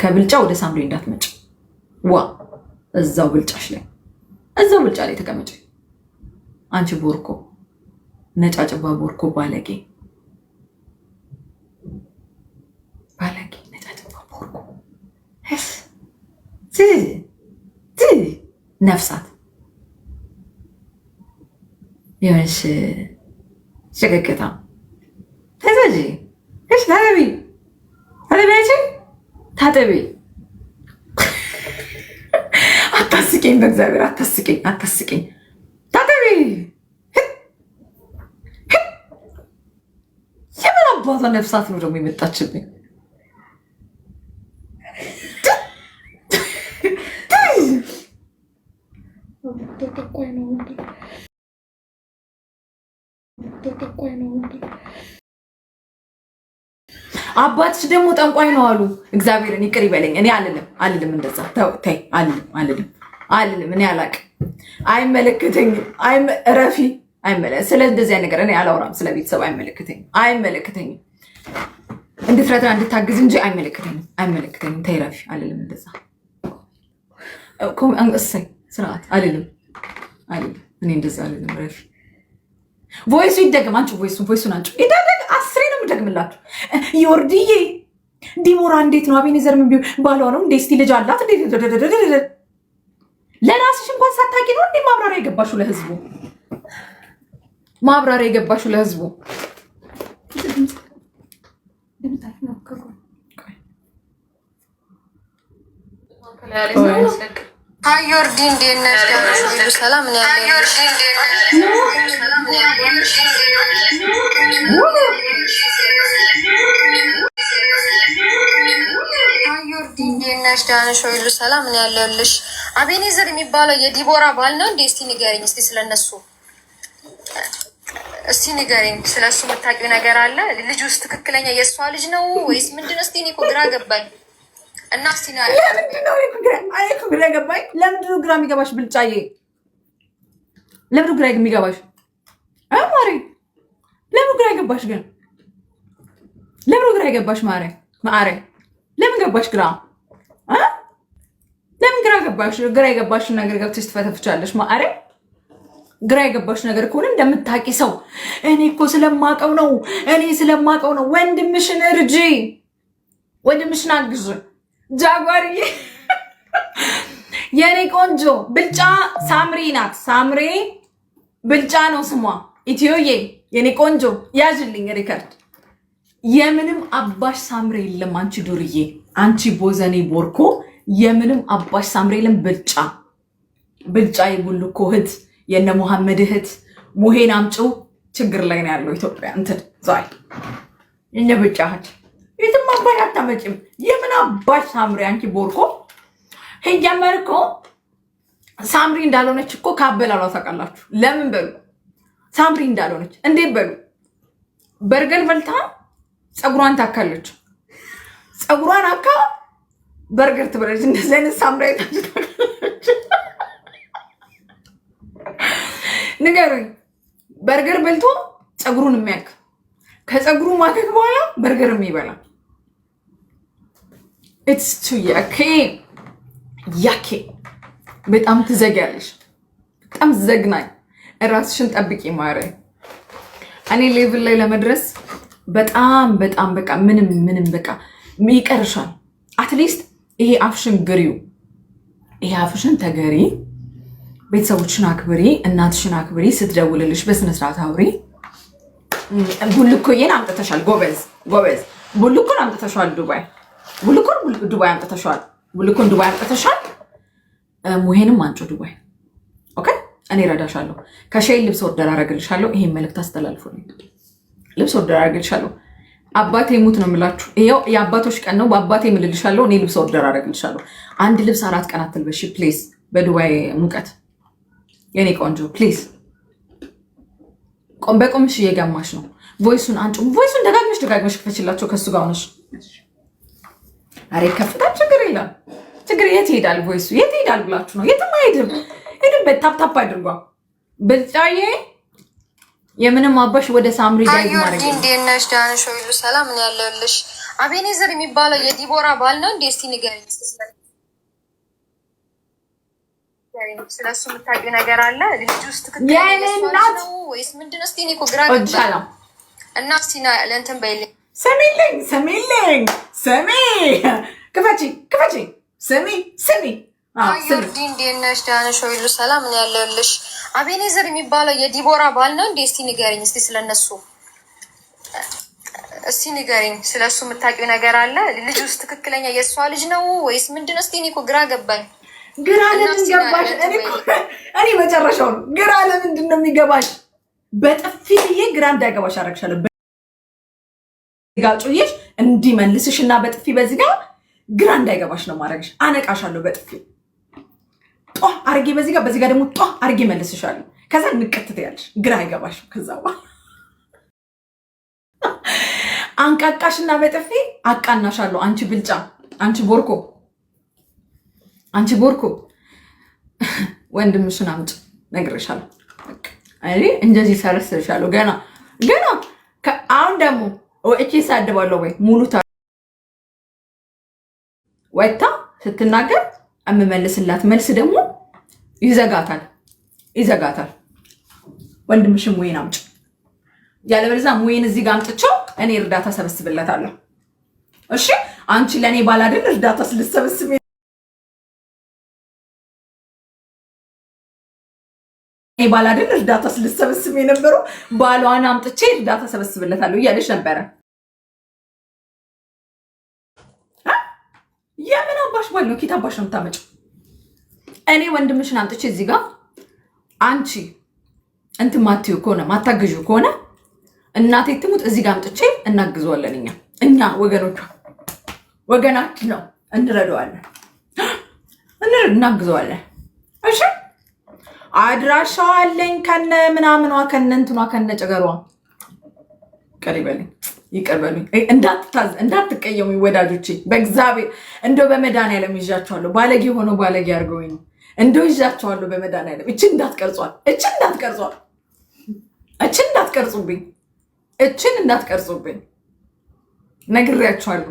ከብልጫ ወደ ሳምሪ እንዳትመጭ ዋ እዛው ብልጫሽ ላይ እዛው ብልጫ ላይ ተቀመጭ። አንቺ ቦርኮ ነጫጭባ ቦርኮ ባለጌ ባለጌ ነጫጭባ ቦርኮ ነፍሳት የሆንሽ ሽቅቅታ ተዛዥ እሽ ታቢ ታጠቢ። አታስቂኝ፣ በእግዚአብሔር አታስቂኝ፣ አታስቂኝ። ታጠቢ። የምን አባቷ ነፍሳት ነው ደግሞ የመጣችብኝ? አባትሽ ደግሞ ጠንቋይ ነው አሉ። እግዚአብሔርን ይቅር ይበለኝ። እኔ አልልም አልልም፣ እንደዛ ተው ተይ አልልም አልልም አልልም። እኔ አላቅም፣ አይመለከተኝም። ረፊ ስለ እንደዚያ ነገር እኔ አላውራም። ስለ ቤተሰብ አይመለከተኝም፣ አይመለከተኝም። እንድትረዳ እንድታግዝ እንጂ አይመለከተኝም፣ አይመለከተኝም። ተይ ረፊ አልልም፣ እንደዛ እሰይ ስርዓት አልልም አልልም። እኔ እንደዛ አልልም። ረፊ ቮይሱ ይደገም። አንቺ ቮይሱን ቮይሱን አንቺ ይደገም አስሬ ነው የምደግምላችሁ። ዮርድዬ ዲሞራ እንዴት ነው አቤኔዘር ምን ቢሆን ባሏ ነው እንዴ? እስቲ ልጅ አላት እንዴ? ለራስሽ እንኳን ሳታቂ ነው እንዴ ማብራሪያ የገባሹ ለህዝቡ? ማብራሪያ የገባሹ ለህዝቡ ዮርዲ እንዴት ነሽ? ሰላም ነው ያለ ነሽ? ደህና ነሽ? ሁሉ ሰላም ነው ያለልሽ? አቤኔዘር የሚባለው የዲቦራ ባል ነው እንዴ? እስቲ ንገሪኝ፣ እስቲ ስለነሱ እስቲ ንገሪኝ። ስለሱ የምታውቂው ነገር አለ? ልጅ ውስጥ ትክክለኛ የእሷ ልጅ ነው ወይስ ምንድን ነው? እስቲ እኔ እኮ ግራ ገባኝ። እና እስቲ ና ለምንድነው ግራ ገባኝ። ለምንድነው ግራ የሚገባሽ ብልጫዬ? ለምንድነው ግራ የሚገባሽ ማሪ? ለምን ግራ ይገባሽ? ግን? ለምን ግራ ይገባሽ? ማሪ? ማሪ ለምን ገባሽ ግራ ለምን ግራ ገባሽ? ግራ የገባሽን ነገር ገብተሽ ትፈተፍቻለሽ። ማአረ ግራ የገባሽ ነገር ከሆነ እንደምታቂ ሰው እኔ እኮ ስለማቀው ነው እኔ ስለማቀው ነው። ወንድምሽን እርጂ፣ ወንድምሽን አግዥ። ጃጓርዬ የእኔ ቆንጆ ብልጫ ሳምሪ ናት። ሳምሪ ብልጫ ነው ስሟ። ኢትዮዬ የእኔ ቆንጆ ያዥልኝ ሪከርድ የምንም አባሽ ሳምሬ የለም። አንቺ ዱርዬ፣ አንቺ ቦዘኔ ቦርኮ፣ የምንም አባሽ ሳምሬ የለም። ብልጫ ብልጫ የቡልኮ እህት፣ የነ መሐመድ እህት ሙሄን አምጪው። ችግር ላይ ነው ያለው ኢትዮጵያ። እንትን ዛይ እነ ብልጫ እህት የትም አባሽ አታመጪም። የምን አባሽ ሳምሬ አንቺ ቦርኮ። ሄጀመር እኮ ሳምሪ እንዳልሆነች እኮ ካበላሏ ታውቃላችሁ። ለምን በሉ ሳምሪ እንዳልሆነች እንዴት በሉ በርገር በልታ ፀጉሯን ታካለች። ፀጉሯን አካ በርገር ትበላለች። እንደዚህ አይነት ሳምራይ ንገሩኝ። በርገር በልቶ ፀጉሩን የሚያክ ከፀጉሩ ማከክ በኋላ በርገር የሚበላ ኢትስ ቱ ያኬ ያኬ። በጣም ትዘጊያለሽ። በጣም ዘግናኝ። እራስሽን ጠብቂ ማረ እኔ ሌቭል ላይ ለመድረስ በጣም በጣም በቃ ምንም ምንም በቃ ይቀርሻል። አትሊስት ይሄ አፍሽን ግሪው፣ ይሄ አፍሽን ተገሪ፣ ቤተሰቦችሽን አክብሪ፣ እናትሽን አክብሪ፣ ስትደውልልሽ በስነስርዓት አውሪ። ቡልኮዬን አምጥተሻል። ጎበዝ ጎበዝ። ቡልኮን አምጥተሻል። ዱባይ ቡልኮን ዱባይ አምጥተሻል። ቡልኮን ዱባይ አምጥተሻል። ሙሄንም አንጮ ዱባይ ኦኬ። እኔ እረዳሻለሁ። ከሸይ ልብስ ወርደር አረግልሻለሁ። ይሄን መልክት አስተላልፎ ነው። ልብስ ወርደር አደርግልሻለሁ። አባቴ ሙት ነው የምላችሁ። ይኸው የአባቶች ቀን ነው። በአባቴ የምልልሻለሁ። እኔ ልብስ ወርደር አደርግልሻለሁ። አንድ ልብስ አራት ቀን አትልበሽ ፕሊዝ። በዱባይ ሙቀት የኔ ቆንጆ ፕሊዝ። በቆምሽ እየገማሽ ነው። ቮይሱን አንጭ፣ ቮይሱን ደጋግመሽ ደጋግመሽ ክፈችላቸው። ከሱ ጋር ሆነሽ አሬ ከፍታ ችግር የለም። ችግር የት ይሄዳል? ቮይሱ የት ይሄዳል ብላችሁ ነው? የትም አይሄድም። ሄድም በታፕታፕ አድርጓ በጫዬ የምንም አባሽ ወደ ሳምሪ ዳይግ ማድረግ ነው። ሰላም ነው ያለልሽ? አቤኔዘር የሚባለው የዲቦራ ባል ነው እንዴ? እስቲ ንገሪኝ። ስለሱ የምታውቂው ነገር አለ? ወይስ እስቲ እኔ እኮ ግራ ነው። እና እስቲ ለእንትን በይልኝ። ስሚልኝ፣ ስሚልኝ፣ ስሚ፣ ክፈቺ፣ ክፈቺ፣ ስሚ፣ ስሚ ዮርዲ እንዴት ነሽ? ደህና ነሽ? ሁሉ ሰላም ነው ያለልሽ? አቤኔዘር የሚባለው የዲቦራ ባል ነው እንዴ? እስቲ ንገሪኝ፣ እስቲ ስለነሱ እስቲ ንገሪኝ። ስለሱ የምታውቂው ነገር አለ? ልጅ ውስጥ ትክክለኛ የእሷ ልጅ ነው ወይስ ምንድን ነው? እስቲ እኔ እኮ ግራ ገባኝ። ግራ ለምን ገባሽ? እኔ መጨረሻው ነው ግራ ለምንድን ነው የሚገባሽ? በጥፊ ብዬ ግራ እንዳይገባሽ አደረግሻለሁ። በጋ ጩዬሽ እንዲመልስሽ እና በጥፊ በዚህ ጋር ግራ እንዳይገባሽ ነው ማድረግሽ። አነቃሻለሁ በጥፊ ጧ አርጌ በዚህ ጋር በዚህ ጋር ደግሞ ጧ አርጌ መልስሻለሁ። ከዛ ንቀትት ያለሽ ግራ አይገባሽ። ከዛ አንቃቃሽና በጥፊ አቃናሻለሁ። አንቺ ብልጫ፣ አንቺ ቦርኮ፣ አንቺ ቦርኮ ወንድምሽን አምጪ ነግሬሻለሁ። እንደዚህ ሰርስልሻለሁ። ገና ገና አሁን ደግሞ ወጪ ይሳድባለሁ ወይ ሙሉ ወታ ስትናገር የምመልስላት መልስ ደግሞ ይዘጋታል ይዘጋታል። ወንድምሽም ወይን አምጭ፣ ያለበለዚያ ሙዬን እዚህ ጋር አምጥቼው እኔ እርዳታ ሰበስብለታለሁ። እሺ አንቺ ለእኔ ባላደል እርዳታ ስልሰበስብ ባላደል እርዳታ ስልሰበስብ የነበረው ባሏን አምጥቼ እርዳታ ሰበስብለታለሁ እያለች ነበረ። የምን አባሽ ባለው ኬት አባሽ ነው የምታመጭው? እኔ ወንድምሽን አንጥቼ እዚህ ጋር አንቺ እንትን ማትዩ ከሆነ ማታግዥ ከሆነ እናቴ ትሙት እዚህ ጋር አምጥቼ እናግዘዋለን። እኛ እኛ ወገኖቿ ወገናችን ነው፣ እንረዳዋለን፣ እናግዘዋለን። እሺ አድራሻዋለኝ ከነ ምናምኗ ከነ እንትኗ ከነ ጭገሯ ቀሪበልኝ ይቀበሉኝ እንዳትታዝ እንዳትቀየሙ ወዳጆቼ። በእግዚአብሔር በመዳን ያለም ይዣቸዋለሁ። ባለጌ ሆኖ ባለጌ አድርገውኝ ነው። እንደ ይዣቸዋለሁ ያለም እች እንዳትቀርጿል፣ እች እንዳትቀርጿል፣ እችን እንዳትቀርጹብኝ፣ እችን እንዳትቀርጹብኝ ነግሬያቸዋለሁ።